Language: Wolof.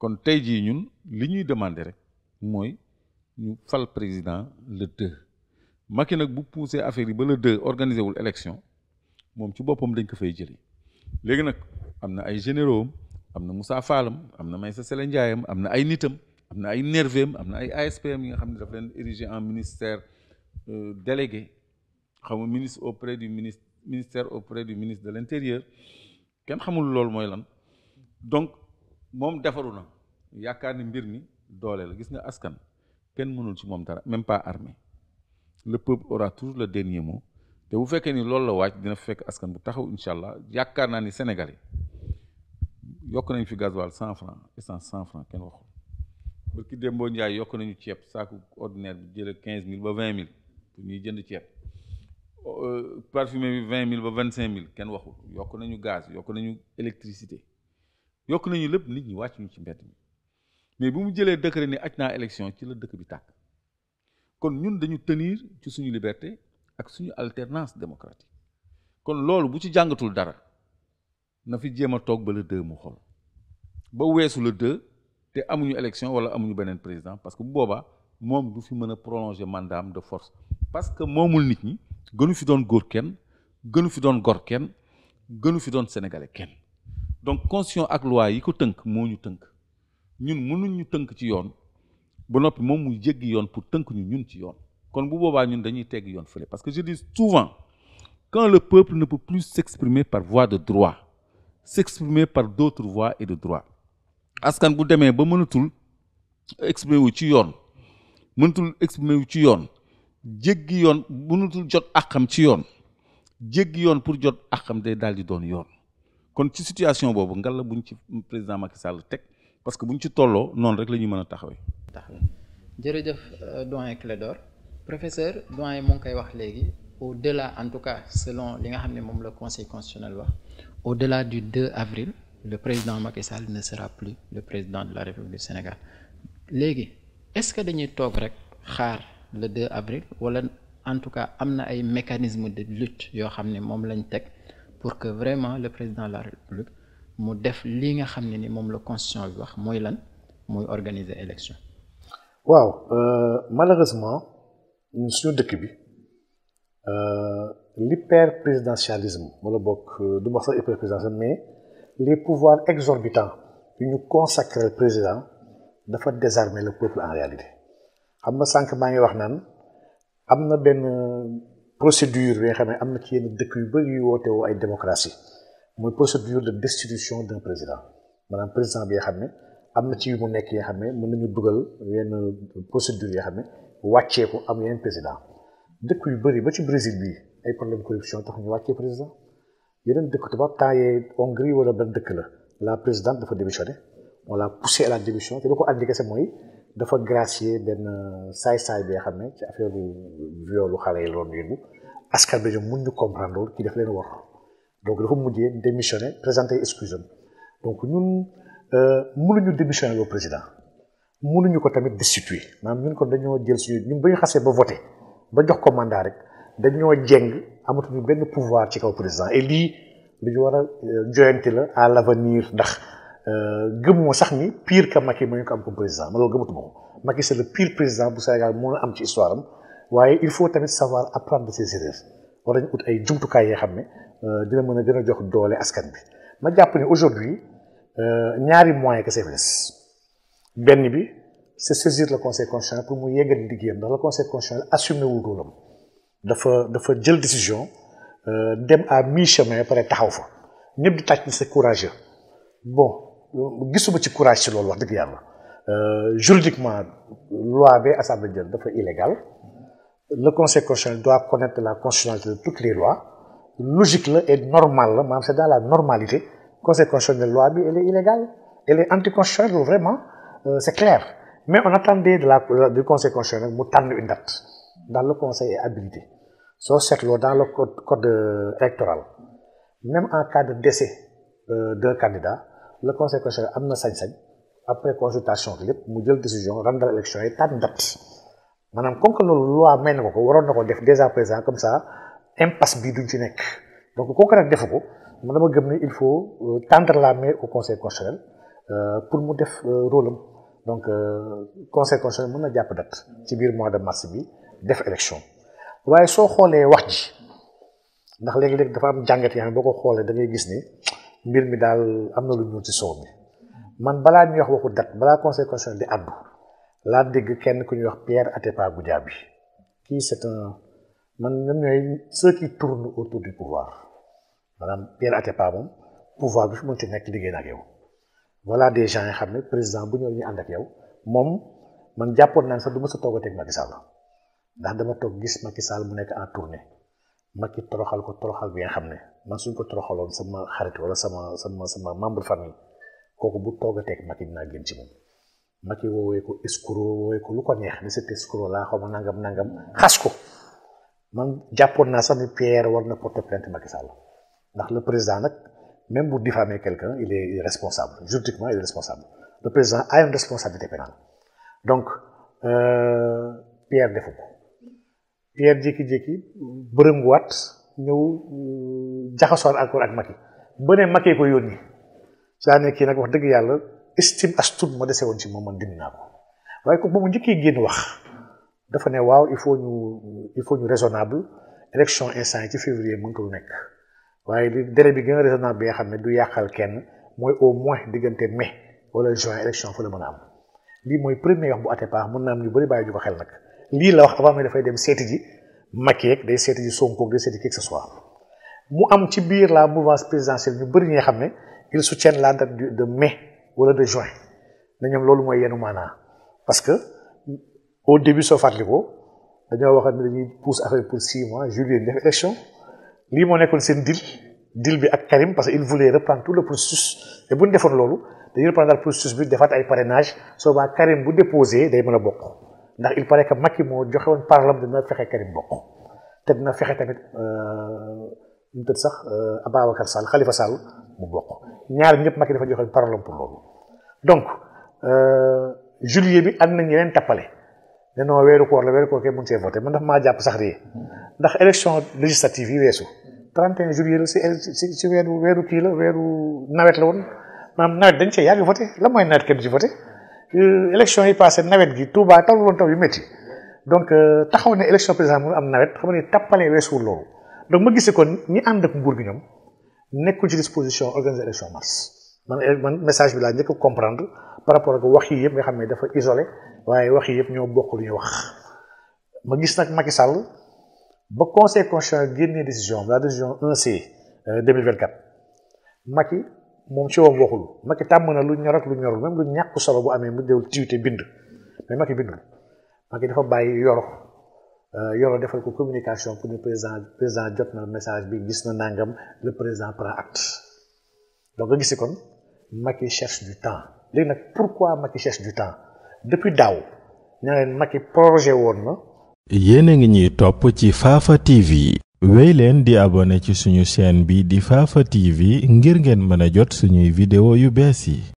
kon tey jii ñun li ñuy demander rek mooy ñu fal président le 2 Macky nag bu poussé affaire yi ba le 2 organisé wul élection moom ci boppam dañ ko fay jëli léegi nag am na ay généraux am na Moussa Fallam am na Maysa Sele Ndiayam am na ay nitam am na ay nervem am na ay ASPM yi nga xam ne daf leen érigé en ministère euh, délégué xam nga ministre auprès du ministre ministère auprès du ministre de l' intérieur kenn xamul loolu mooy lan donc. moom defaru na yaakaar ni mbir ni doole la gis nga askan kenn mënul ci moom dara même pas armée le peuple aura toujours le dernier mot te bu fekkee ni loolu la waaj dina fekk askan bu taxaw incha allah yaakaar naa ni Sénégal yokk nañ fi gaz gasoil cent franc essence cent franc kenn waxul barki Dembo Ndiaye yokk nañu ceeb saaku ordinaire bi jële quinze mille ba vingt mille pour ñuy jënd ceeb euh, parfumé bi vingt mille ba vingt cinq mille kenn waxul yokk nañu gaz yokk nañu électricité yokk nañu lépp nit ñi wàcc ñu ci mbedd mi mais bu mu jëlee décret ni aj naa élection ci la dëkk bi tàkk kon ñun dañu tenir ci suñu liberté ak suñu alternance démocratique kon loolu bu ci jàngatul dara na fi jéem a toog ba le deux mu xool ba weesu le deux te amuñu élection wala amuñu beneen président parce que bu boobaa moom du fi mën a prolonger mandat am de force parce que moomul nit ñi gënu fi doon góor kenn gënu fi doon gor kenn gënu fi doon sénégalais kenn donc constitution ak loi yi ko tënk moo ñu tënk ñun mënuñ ñu tënk ci yoon ba noppi moom mu jéggi yoon pour tënk ñu ñun ci yoon kon bu boobaa ñun dañuy tegg yoon fële parce que je dis souvent quand le peuple ne peut plus s'exprimer par voie de droit s'exprimer par d'autres voies et de droit askan bu demee ba mënatul exprimer wu ci yoon mënatul exprimer wu ci yoon jéggi yoon mënatul jot àqam ci yoon jéggi yoon pour jot àqam day daal di doon yoon kon ci situation boobu la buñ ci président Macky Sall teg parce que buñ ci tolloo noonu rek la ñuy mën a taxawee. jërëjëf euh, doyen Clédor professeur doyen mu ngi koy wax léegi au-delà en tout cas selon li nga xam ne moom la conseil constitutionnel wax au-delà du 2 avril le président Macky Sall ne sera plus le président de la République du Sénégal léegi est-ce que dañuy toog rek xaar le 2 avril wala en tout cas am na ay mécanismes de lutte yoo xam ne moom lañ teg. pour que vraiment le président de la république mu def lii nga xam ne ni moom la constitution bi wax mooy lan mooy organiser élection. waaw euh, malheureusement ñun suñu dëkk bi euh, l'hyper présidentialisme wala bokk euh, du ma wax sax hyper présidentialisme mais les pouvoirs exorbitants yu ñu le président dafa désarmer le peuple en réalité xam nga sànq maa ngi wax naan am na benn. procédure bi nga xam ne am na ci yenn dëkk yu bëri yu woote woo ay démocratie mooy procédure de destitution d'un président maanaam président bi nga xam ne am na ci yu mu nekk yi xam ne mën nañu dugal yenn procédure yi xam ne wàccee ko am yeneen président dëkk yu bëri ba ci Brésil bii ay problème corruption tax ñu wàccee président yeneen dëkk tubaab taayee Hongrie wala benn dëkk la la présidente dafa démissionné on l'a poussé la démission te lu ko andi kese mooy dafa gracier benn euh, saay-saay bi nga xam ne ci affaire violu xale yi loolu yëngu askan bi ñoom mun ñu comprendre loolu kii daf leen war donc dafa mujjee démissionné présenté excuse am donc ñun euh, mënuñu démissionné loo président mënuñu ko tamit destituer maanaam ñun kon dañoo jël suñu ñun ba ñu xasee ba voté ba jox ko mandat rek dañoo jeng amatuñu benn pouvoir ci kaw président et lii lu ñu war a euh, joyante la à l' avenir ndax. Euh, gëmuma sax ni pire que Macky ma ñu ko am comme président ma loolu gëmatuma ko Macky c'est le pire président bu Sénégal moo am ci histoire am waaye il faut tamit savoir apprendre de ses erreurs war nañu ut ay jumtukaay yoo xam ne euh, dina mën a gën a jox doole askan bi ma jàpp ni aujourd'hui euh, ñaari moyens que c'est benn bi c'est saisir le conseil constitutionnel pour mu yeggal liggéeyam ndax le conseil constitutionnel assumer wu rôlam dafa dafa jël décision dem à mi-chemin pare taxaw fa ñëpp di tàcc ni gisuma ci courage ci loolu wax dëgg yàlla euh, juridiquement loi bi assemblée jël dafa illégal le conseil constitutionnel doit connaître la constitutionnalité de toutes les lois logique la et normal la maanaam c'est dans la normalité conseil constitutionnel loi bi elle est illégale elle est vraiment euh, c'est clair mais on attendait de la du conseil tànn une date le conseil est habilité soo seetloo dans le code code euh, électoral même en cas de décès d'un candidat le conseil constitutionnel am na sañ-sañ après consultation bi lépp mu jël décision rendre élection yi tànn date maanaam comme que loolu loi may na ko ko waroon na ko def dès à présent comme ça impasse bi duñ ci nekk donc kooku nag defu ko man dama gëm ne il faut euh, tendre la main au conseil constitutionnel euh, pour mu def euh, rôle am donc conseil constitutionnel mën na jàpp dat ci biir mois de mars bi def élection waaye soo xoolee wax ji ndax léegi-léegi dafa am jàngat yi xam ne boo ko xoolee dangay gis ni mbir mi daal am na lu ñuul ci soow mi man balaa ñuy wax waxu dat balaa conseil constitutionnel di addu laa dégg kenn ku ñuy wax Pierre Atepa Goudiaby kii c'est man ñoom ñooy ceux qui tournent autour du pouvoir maanaam Pierre Atepa moom pouvoir bi fi mën ci nekk liggéey na ak yow voilà des gens yi xam ne président bu ñëw ñu ànd ak yow moom man jàppoon naa sax du ma sa toog a teg Macky Sall ndax dama toog gis Macky Sall mu nekk en tournée Macky toroxal ko toroxal bi nga xam ne man suñ ko toroxaloon sama xarit wala sama sama sama membre famille kooku bu toogateeg Macky dinaa gën ci moom Macky woowee ko escroc woowee ko lu ko neex ne cet escroc laa xaw ma nangam nangam xas ko man jàppoon naa sax ni Pierre war na porter plainte Macky Sall ndax le président nag même bu diffamer quelqu'un il est responsable juridiquement il est responsable le président a une responsabilité pénale donc euh, Pierre defu ko Pierre bërëm jékki bërënguwaat ñëw euh, jaxasoo encore ak Macky ba ne Macky ko yónni saa ne kii nag wax dëgg yàlla estime as ma dese woon ci moom man dindi ko waaye ko ba mu njëkkee génn wax dafa ne waaw il faut ñu il faut ñu raisonnable élection instant yi ci février mëntul nekk waaye li délai bi gën a bi nga xam ne du yàqal kenn mooy au moins diggante mai wala juin élection fa la mën a am lii mooy premier wax bu Atépa mën naa am ñu bëri bàyyi ñu ko xel lii la wax avant mais dafay dem seeti ji Macky yeeg day seeti ji Sonko day seeti qui que ce soit mu am ci biir la mouvance présidentielle ñu bëri ñi nga xam ne ils soutiennent la date de mai wala de juin na ñoom loolu mooy yenu maanaa parce que au début soo fàttalikoo dañoo waxat ne dañuy pousse affaire pour six mois juillet def élection lii moo nekkoon seen deal deal bi ak Karim parce que il voulait reprendre tout le processus te bu ñu defoon loolu dañuy reprendre bi defaat ay parrainage soo baa Karim bu déposé a bokk ndax il pare que Macky moo joxe woon parlam dina fexe Karim bokk te dina fexe tamit ñu euh, tëdd sax euh, Ababacar Sall Khalifa Sall mu bokk ñaar ñëpp Macky dafa joxe woon parlam pour loolu donc euh, juillet bi am nañ yeneen tappale ne non weeru koor la weeru koor kay mun see voté man dafa maa jàpp sax ree ndax élection législative yi weesu 31 juillet la si si si weeru weeru kii la weeru nawet la woon maanaam nawet dañ see yàgg voté la mooy nawet kenn du ci voté Euh, élection yi passé nawet gi Touba taw loon taw yu métti donc euh, taxaw ne élection président mënu am nawet xam ne tappalee weesuwul loolu donc ma gisee kon ñi ànd ak nguur gi ñoom nekkul ci disposition organiser élection mars man eh, man message bi laa njëkk comprendre par rapport ak wax yii yëpp nga xam ne dafa isolé waaye wax yi yëpp ñoo bokk lu ñu wax ma gis nag Macky Sall ba conseil constitutionnel génnee décision la décision 1C 2024 euh, moom ci woom waxul Macky tàmm na lu ñor ak lu ñorul même lu ñàkk solo bu amee mu déwul tiwte bind mais Macky bindul Macky dafa bàyyi yoro euh, yoro defal ko communication pour ne président président jot na message bi gis na nangam le président prend acte donc nga gisi kon Macky cherche du temps léegi nag pourquoi i cherche du temps depuis daaw nee leen Macky projet woon na yéen a ngi ñuy topp ci Fafa TV wéy leen di abone ci suñu chaîne bi di Fafa TV ngir ngeen mën a jot suñuy vidéo yu bees yi